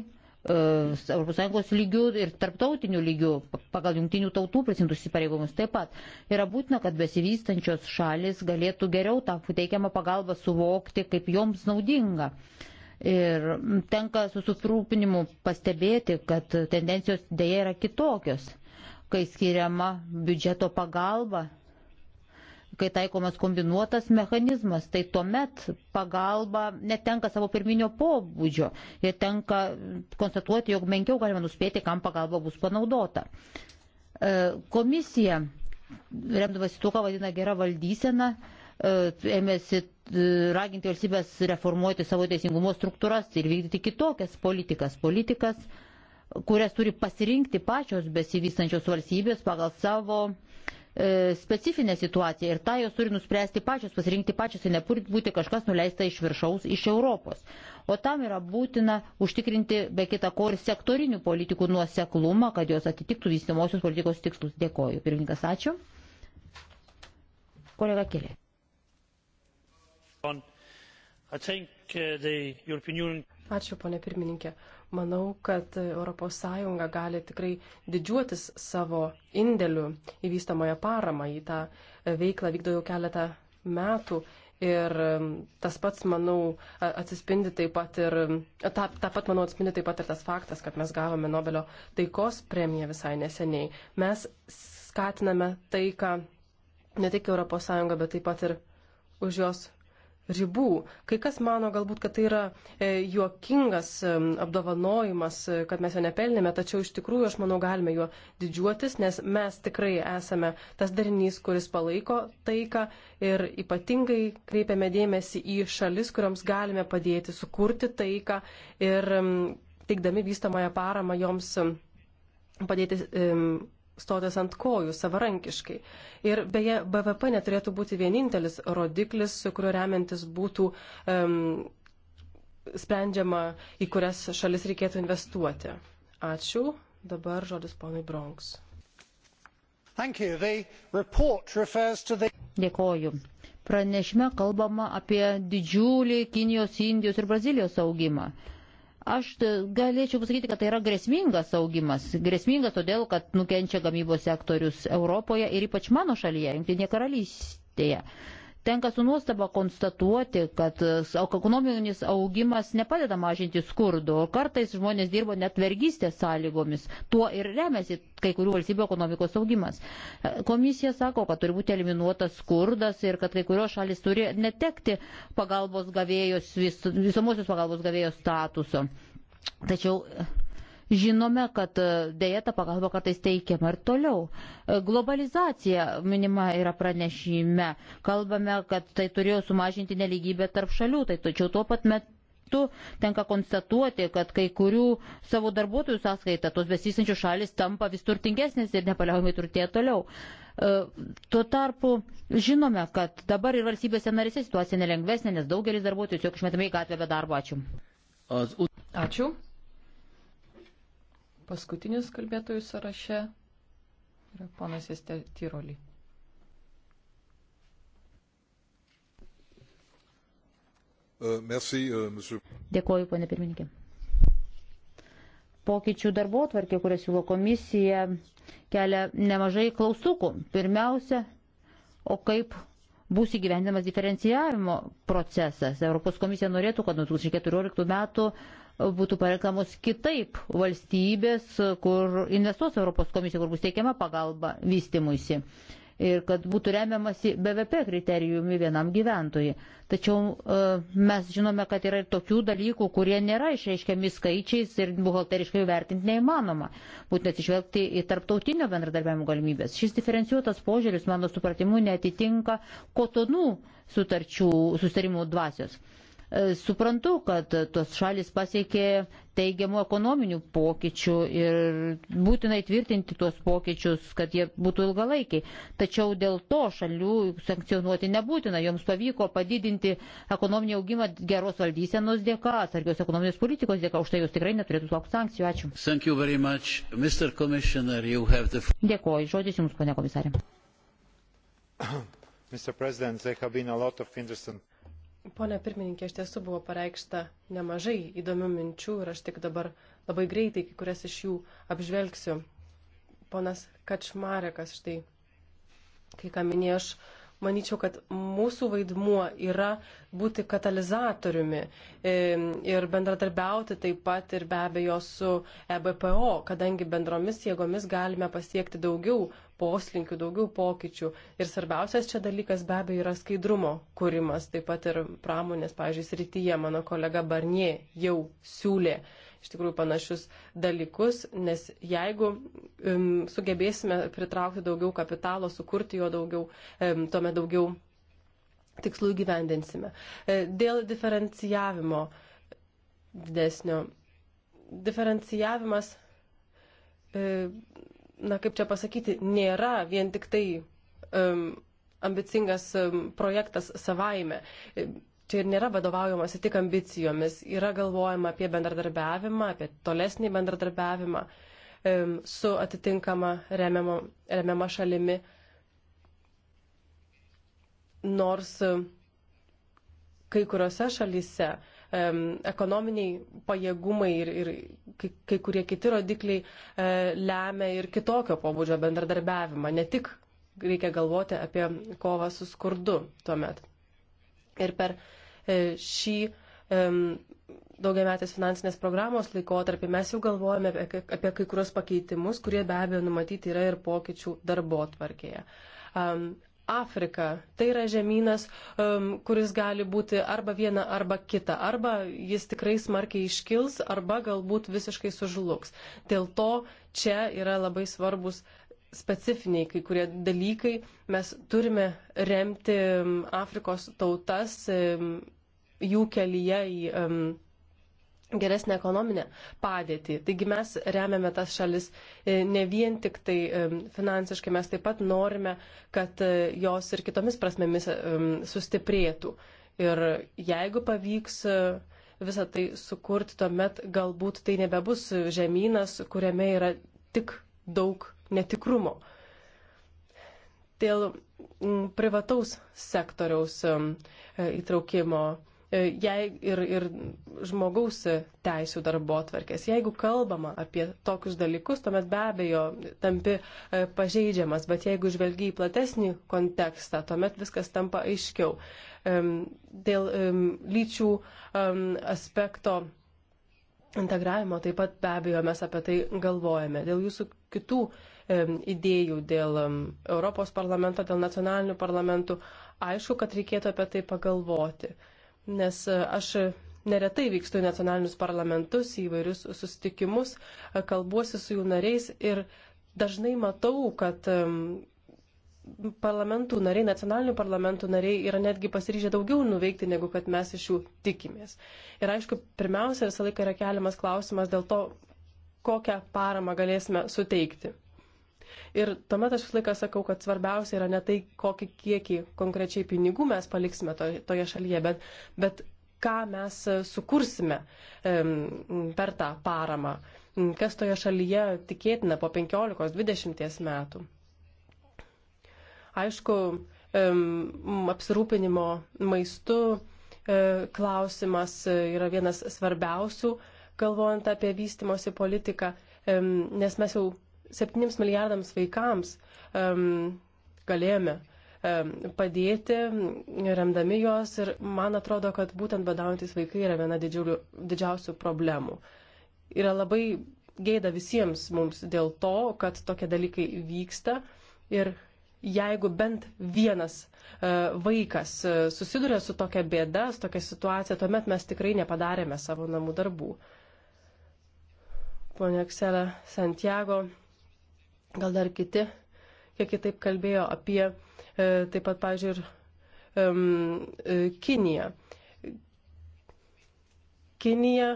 ES lygių ir tarptautinių lygių, pagal jungtinių tautų prisimtus įsipareigomus taip pat. Yra būtina, kad besivystančios šalis galėtų geriau tą teikiamą pagalbą suvokti, kaip joms naudinga. Ir tenka su sutrūpinimu pastebėti, kad tendencijos dėja yra kitokios, kai skiriama biudžeto pagalba kai taikomas kombinuotas mechanizmas, tai tuomet pagalba netenka savo pirminio pobūdžio ir tenka konstatuoti, jog menkiau galima nuspėti, kam pagalba bus panaudota. E, komisija, remdamasi tuo, ką vadina gera valdysena, e, ėmėsi e, raginti valstybės reformuoti savo teisingumo struktūras ir vykdyti kitokias politikas. Politikas, kurias turi pasirinkti pačios besivystančios valstybės pagal savo uh, E, specifinė situacija ir tą jos turi nuspręsti pačios, pasirinkti pačios, tai neturi būti kažkas nuleista iš viršaus, iš Europos. O tam yra būtina užtikrinti be kita ko ir sektorinių politikų nuoseklumą, kad jos atitiktų vystimosios politikos tikslus. Dėkoju. Pirmininkas, ačiū. Kolega Kelė. Uh, ačiū, ponė pirmininkė. Manau, kad ES gali tikrai didžiuotis savo indėliu į vystamąją paramą. Į tą veiklą vykdo jau keletą metų. Ir um, tas pats, manau, atsispindi taip pat ir, tą, um, tą pat, manau, atspindi taip pat ir tas faktas, kad mes gavome Nobelio taikos premiją visai neseniai. Mes skatiname taiką ne tik ES, bet taip pat ir už jos ribų. Kai kas mano galbūt, kad tai yra e, juokingas e, apdovanojimas, e, kad mes jo nepelnėme, tačiau iš tikrųjų aš manau galime juo didžiuotis, nes mes tikrai esame tas darinys, kuris palaiko taiką ir ypatingai kreipiame dėmesį į šalis, kuriams galime padėti sukurti taiką ir teikdami vystamąją paramą joms padėti um, stotis ant kojų savarankiškai. Ir beje, BVP neturėtų būti vienintelis rodiklis, kuriuo remiantis būtų um, sprendžiama, į kurias šalis reikėtų investuoti. Ačiū. Dabar žodis ponui Bronks. The... Dėkoju. Pranešime kalbama apie didžiulį Kinijos, Indijos ir Brazilijos augimą. Aš e, galėčiau pasakyti, kad tai yra grėsmingas augimas. Grėsmingas todėl, kad nukenčia gamybos sektorius Europoje ir ypač mano šalyje, Junktinėje karalystėje. Tenka su nuostaba konstatuoti, kad ekonominis augimas nepadeda mažinti skurdo, o kartais žmonės dirbo net vergystės sąlygomis. Tuo ir remiasi kai kurių valstybių ekonomikos augimas. E, komisija sako, kad turi būti eliminuotas skurdas ir kad kai kurios šalis turi netekti pagalbos gavėjos, vis, visomosios pagalbos gavėjos statuso. Tačiau Žinome, kad e, dėja ta pagalba kartais teikiama ir toliau. E, globalizacija minima yra pranešime. Kalbame, kad tai turėjo sumažinti neligybę tarp šalių, tai tačiau tuo pat metu tenka konstatuoti, kad kai kurių savo darbuotojų sąskaita tos besisančių šalis tampa vis turtingesnės ir nepaliaujamai turtėja toliau. E, tuo tarpu žinome, kad dabar ir valstybėse narėse situacija nelengvesnė, nes daugelis darbuotojų tiesiog išmetami į gatvę be darbo. Ačiū. Ačiū. Paskutinis kalbėtojų sąraše yra ponas Estė Tiroli. Uh, uh, Dėkoju, ponė pirmininkė. Pokyčių darbo tvarkė, kurią siūlo komisija, kelia nemažai klaustukų. Pirmiausia, o kaip bus įgyvendinamas diferencijavimo procesas. Europos komisija norėtų, kad nuo 2014 metų būtų parenkamos kitaip valstybės, kur investuos Europos komisija, kur bus teikiama pagalba vystimuisi. Ir kad būtų remiamasi BVP kriterijumi vienam gyventojui. Tačiau e, mes žinome, kad yra ir tokių dalykų, kurie nėra išreiškiami skaičiais ir buhalteriškai vertinti neįmanoma. Būtent atsižvelgti į tarptautinio bendradarbiavimo galimybės. Šis diferencijuotas požiūris, mano supratimu, netitinka kotonų sutarčių, sustarimų dvasios. E, suprantu, kad tos šalis pasiekė teigiamų ekonominių pokyčių ir būtinai tvirtinti tuos pokyčius, kad jie būtų ilgalaikiai. Tačiau dėl to šalių sankcionuoti nebūtina. Joms pavyko padidinti ekonominį augimą geros valdysenos dėka, atsargios ekonominės politikos dėka. Už tai jūs tikrai neturėtų laukti sankcijų. Ačiū. The... Dėkoju. Žodis Jums, pane komisarė. <coughs> Mr. President, there have been a lot of interesting Pone pirmininkė, iš tiesų buvo pareikšta nemažai įdomių minčių ir aš tik dabar labai greitai kai kurias iš jų apžvelgsiu. Ponas Kačmarekas štai, kai ką minėjo, aš manyčiau, kad mūsų vaidmuo yra būti katalizatoriumi e, ir bendradarbiauti taip pat ir be abejo su EBPO, kadangi bendromis jėgomis galime pasiekti daugiau poslinkių, daugiau pokyčių. Ir svarbiausias čia dalykas be abejo yra skaidrumo kūrimas, taip pat ir pramonės, pažiūrėjus, rytyje mano kolega Barnie jau siūlė uh, iš tikrųjų panašius dalykus, nes jeigu um, sugebėsime pritraukti daugiau kapitalo, sukurti jo daugiau, um, tuomet daugiau tikslų gyvendinsime. E, dėl diferencijavimo didesnio. Diferencijavimas, e, na kaip čia pasakyti, nėra vien tik tai um, ambicingas projektas savaime. E, čia ir nėra vadovaujamasi tik ambicijomis, yra galvojama apie bendradarbiavimą, apie tolesnį bendradarbiavimą su atitinkama remiama, remiama šalimi. Nors kai kuriuose šalyse ekonominiai pajėgumai ir, ir kai, kai kurie kiti rodikliai e, lemia ir kitokio pobūdžio bendradarbiavimą, ne tik reikia galvoti apie kovą su skurdu tuomet. Ir per e, šį daugiametės finansinės programos laikotarpį mes jau galvojame apie, apie kai kurios pakeitimus, kurie be abejo numatyti yra ir pokyčių darbo tvarkėje. Um, Afrika tai yra žemynas, um, kuris gali būti arba viena, arba kita, arba jis tikrai smarkiai iškils, arba galbūt visiškai sužlugs. Dėl to čia yra labai svarbus specifiniai kai kurie dalykai. Mes turime remti Afrikos tautas jų kelyje į geresnę ekonominę padėtį. Taigi mes remiame tas šalis e, ne vien tik tai finansiškai, mes taip pat norime, kad e, jos ir kitomis prasmėmis e, sustiprėtų. Ir jeigu pavyks visą tai sukurti, tuomet galbūt tai nebebus žemynas, kuriame yra tik daug netikrumo. Dėl mm, privataus sektoriaus mm, e, įtraukimo e, jei ir, ir žmogaus teisų darbo atverkės. Jeigu kalbama apie tokius dalykus, tuomet be abejo tampi e, pažeidžiamas, bet jeigu žvelgi į platesnį kontekstą, tuomet viskas tampa aiškiau. Dėl lyčių aspekto integravimo taip pat be abejo mes apie tai galvojame. Dėl jūsų kitų idėjų dėl Europos parlamento, dėl nacionalinių parlamentų. Aišku, kad reikėtų apie tai pagalvoti, nes e, aš neretai vykstu į nacionalinius parlamentus, į įvairius susitikimus, e, kalbuosi su jų nariais ir dažnai matau, kad parlamentų nariai, nacionalinių parlamentų nariai yra netgi pasiryžę daugiau nuveikti, negu kad mes iš jų tikimės. Ir aišku, pirmiausia, visą laiką yra keliamas klausimas dėl to, kokią paramą galėsime suteikti. Ir tuomet aš visą laiką sakau, kad svarbiausia yra ne tai, kokį kiekį konkrečiai pinigų mes paliksime to, toje šalyje, bet, bet ką mes sukursime per tą paramą, kas toje šalyje tikėtina po 15-20 metų. Aišku, apsirūpinimo maistu e, klausimas yra vienas svarbiausių, galvojant apie vystimosi politiką, nes mes jau 7 milijardams vaikams um, galėjome um, padėti, remdami juos ir man atrodo, kad būtent badaujantis vaikai yra viena didžiulių, didžiausių problemų. Yra labai gėda visiems mums dėl to, kad tokie dalykai vyksta ir jeigu bent vienas uh, vaikas uh, susiduria su tokia bėda, su tokia situacija, tuomet mes tikrai nepadarėme savo namų darbų. Pone Akselė Santiago Gal dar kiti, kiek kitaip kalbėjo apie e, taip pat, pažiūrėjau, ir e, Kiniją. Kinija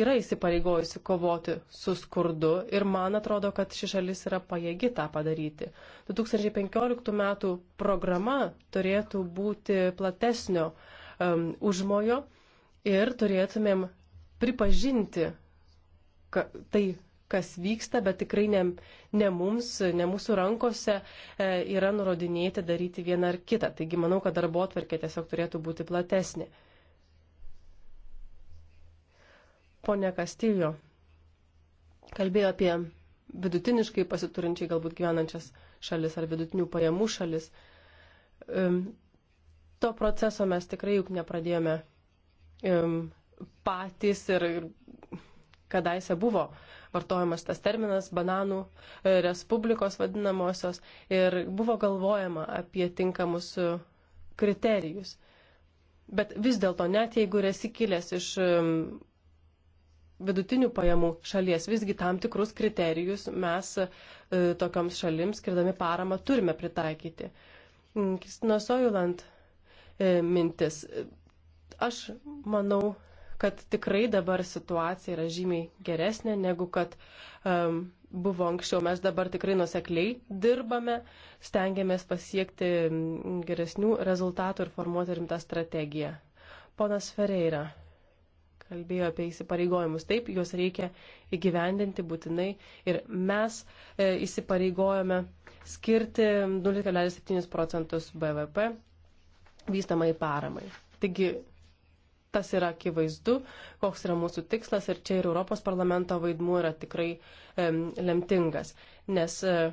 yra įsipareigojusi kovoti su skurdu ir man atrodo, kad ši šalis yra pajėgi tą padaryti. 2015 metų programa turėtų būti platesnio um, užmojo ir turėtumėm pripažinti tai, kas vyksta, bet tikrai ne, ne mums, ne mūsų rankose e, yra nurodinėti daryti vieną ar kitą. Taigi manau, kad darbo atverkė tiesiog turėtų būti platesnė. Pone Kastiljo kalbėjo apie vidutiniškai pasiturinčiai galbūt gyvenančias šalis ar vidutinių pajamų šalis. Um, to proceso mes tikrai juk nepradėjome um, patys ir, ir kadaise buvo vartojamas tas terminas bananų e, respublikos vadinamosios ir buvo galvojama apie tinkamus e, kriterijus. Bet vis dėlto, net jeigu ir esi kilęs iš e, vidutinių pajamų šalies, visgi tam tikrus kriterijus mes e, tokioms šalims skirdami paramą turime pritaikyti. Mm, Kristino Sojuland e, mintis. Aš manau, kad tikrai dabar situacija yra žymiai geresnė negu kad um, buvo anksčiau. Mes dabar tikrai nusekliai dirbame, stengiamės pasiekti geresnių rezultatų ir formuoti rimtą strategiją. Ponas Ferreira kalbėjo apie įsipareigojimus. Taip, juos reikia įgyvendinti būtinai ir mes e, įsipareigojome skirti 0,7 procentus BVP vystamai paramai. Taigi tas yra akivaizdu, koks yra mūsų tikslas ir čia ir Europos parlamento vaidmuo yra tikrai um, lemtingas, nes uh,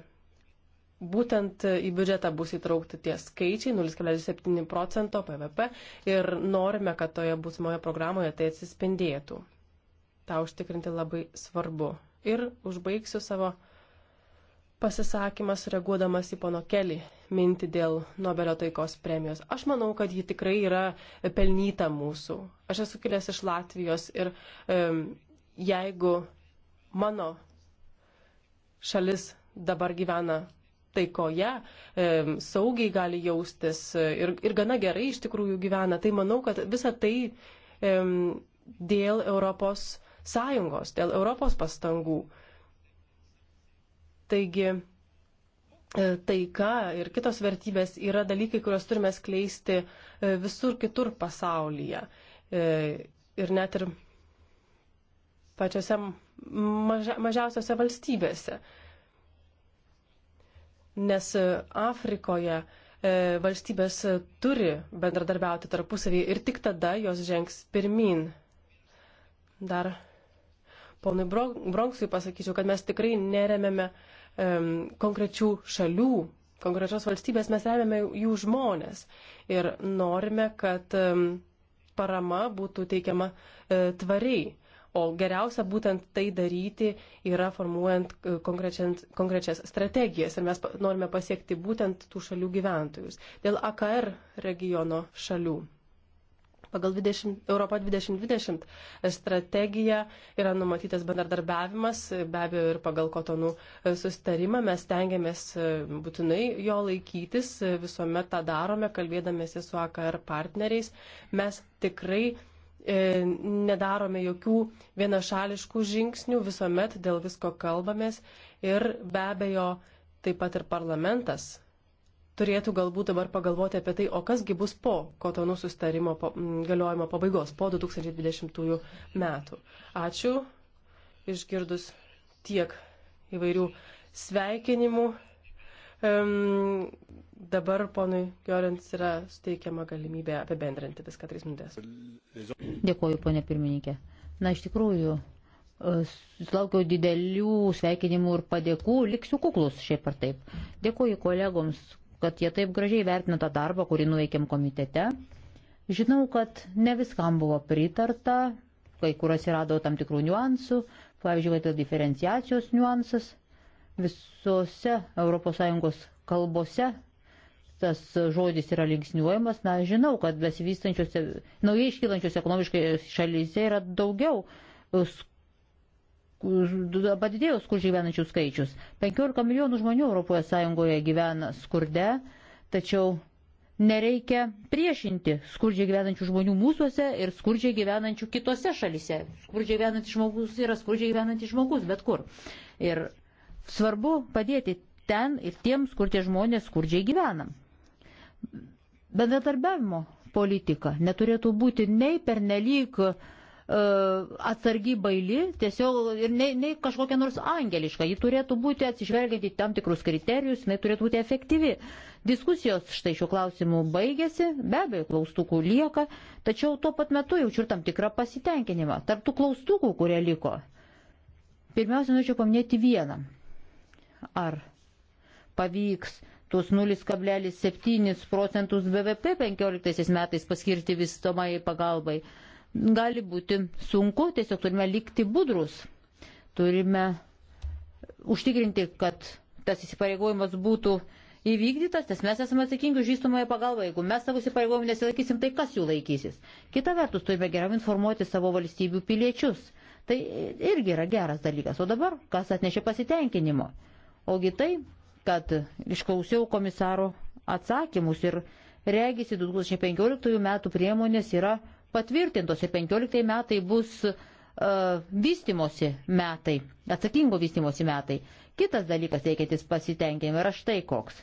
būtent į biudžetą bus įtraukti tie skaičiai 0,7 procento PVP ir norime, kad toje būsimoje programoje tai atsispindėtų. Ta užtikrinti labai svarbu. Ir užbaigsiu savo uh, pasisakymas reaguodamas į pono Kelį mintį dėl Nobelio taikos premijos. Aš manau, kad ji tikrai yra pelnyta mūsų. Aš esu kilęs iš Latvijos ir um, jeigu mano šalis dabar gyvena taikoje, um, saugiai gali jaustis e, ir, ir gana gerai iš tikrųjų gyvena, tai manau, kad visa tai um, dėl Europos Sąjungos, dėl Europos pastangų. Uh, Taigi e, taika ir kitos vertybės yra dalykai, kuriuos turime skleisti e, visur kitur pasaulyje. E, ir net ir pačiose mažia, mažiausiose valstybėse. Nes Afrikoje valstybės turi bendradarbiauti tarpusavį ir tik tada jos žengs pirmin. Dar ponui Bronksui pasakyčiau, kad mes tikrai neremėme uh, um, konkrečių šalių, konkrečios valstybės, mes remiame jų žmonės ir norime, kad um, parama būtų teikiama uh, tvariai. O geriausia būtent tai daryti yra formuojant e, konkrečias strategijas ir mes norime pasiekti būtent tų šalių gyventojus. Dėl AKR regiono šalių Pagal 20, Europą 2020 strategiją yra numatytas bendradarbiavimas, be abejo ir pagal kotonų sustarimą mes tengiamės e, būtinai jo laikytis, e, visuomet tą darome, kalbėdamėsi su AKR partneriais. Mes tikrai e, nedarome jokių vienašališkų žingsnių, visuomet dėl visko kalbamės ir be abejo taip pat ir parlamentas turėtų galbūt dabar pagalvoti apie tai, o kasgi bus po kotonų sustarimo po, m, galiojimo pabaigos, po 2020 metų. Ačiū, išgirdus tiek įvairių sveikinimų. Um, dabar ponui Giorins yra suteikiama galimybė apibendrinti viską tris minutės. Dėkuoju, ponė pirmininkė. Na, iš tikrųjų, e, sulaukiau didelių sveikinimų ir padėkų, liksiu kuklus šiaip ar taip. Dėkuoju kolegoms, kad jie taip gražiai vertina tą darbą, kurį nuveikėm komitete. Žinau, kad ne viskam buvo pritarta, kai kur atsirado tam tikrų niuansų, pavyzdžiui, kad tai diferenciacijos niuansas visose ES kalbose tas žodis yra linksniuojamas, na, žinau, kad besivystančiose, naujai iškylančiose ekonomiškai šalyse yra daugiau padidėjo skurdžiai gyvenančių skaičius. 15 milijonų žmonių ES gyvena skurde, tačiau nereikia priešinti skurdžiai gyvenančių žmonių mūsųse ir skurdžiai gyvenančių kitose šalise. Skurdžiai gyvenantis žmogus yra skurdžiai gyvenantis žmogus, bet kur. Ir svarbu padėti ten ir tiems, kur tie žmonės skurdžiai gyvena. Bendradarbiavimo politika neturėtų būti nei pernelyg uh, atsargi baili, tiesiog ir nei, nei kažkokia nors angeliška. Ji turėtų būti atsižvelgianti tam tikrus kriterijus, jinai turėtų būti efektyvi. Diskusijos štai šiuo klausimu baigėsi, be abejo, klaustukų lieka, tačiau tuo pat metu jaučiu ir tam tikrą pasitenkinimą. Tarptų klaustukų, kurie liko. Pirmiausia, norėčiau paminėti vieną. Ar pavyks tuos 0,7 procentus BVP 15 metais paskirti vystomai pagalbai? gali būti sunku, tiesiog turime likti budrus. Turime užtikrinti, kad tas įsipareigojimas būtų įvykdytas, nes mes esame atsakingi už įstumąją pagalbą. Jeigu mes savo įsipareigojimų nesilaikysim, tai kas jų laikysis? Kita vertus, turime geriau informuoti savo valstybių piliečius. Tai irgi yra geras dalykas. O dabar, kas atnešė pasitenkinimo? Ogi tai, kad išklausiau komisaro atsakymus ir regisi 2015 metų priemonės yra patvirtintos ir 15 metai bus uh, vystimosi metai, atsakingo vystimosi metai. Kitas dalykas teikiantis pasitenkinimą yra štai koks.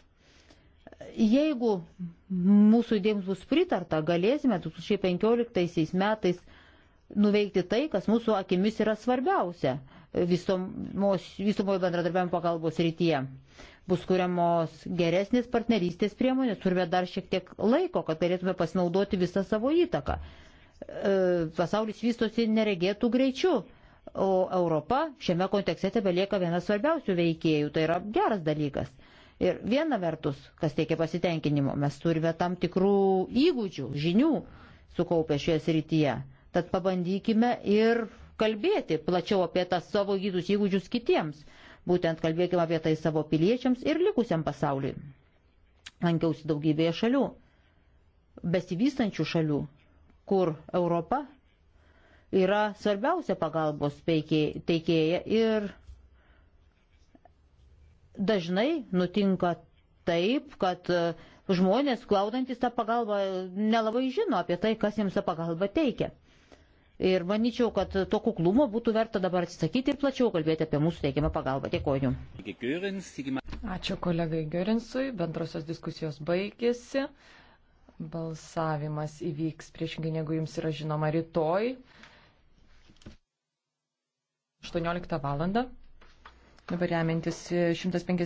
Jeigu mūsų idėjams bus pritarta, galėsime 2015 metais nuveikti tai, kas mūsų akimis yra svarbiausia vystumojo bendradarbiavimo pagalbos rytyje. Bus kuriamos geresnės partnerystės priemonės, turime dar šiek tiek laiko, kad galėtume pasinaudoti visą savo įtaką. E, pasaulis vystosi neregėtų greičiu. O Europa šiame kontekste tebelieka vienas svarbiausių veikėjų. Tai yra geras dalykas. Ir viena vertus, kas teikia pasitenkinimo, mes turime tam tikrų įgūdžių, žinių sukaupę šioje srityje. Tad pabandykime ir kalbėti plačiau apie tas savo įgytus įgūdžius kitiems. Būtent kalbėkime apie tai savo piliečiams ir likusiam pasauliui. Lankiausi daugybėje šalių, besivystančių šalių, kur Europa yra svarbiausia pagalbos teikėja ir dažnai nutinka taip, kad žmonės, klaudantis tą pagalbą, nelabai žino apie tai, kas jiems tą pagalbą teikia. Ir manyčiau, kad to kuklumo būtų verta dabar atsisakyti ir plačiau kalbėti apie mūsų teikiamą pagalbą. Dėkoju. Ačiū kolegai Görinsui. Bendrosios diskusijos baigėsi. Balsavimas įvyks priešingai negu jums yra žinoma rytoj 18 val. Dabar remiantis 150.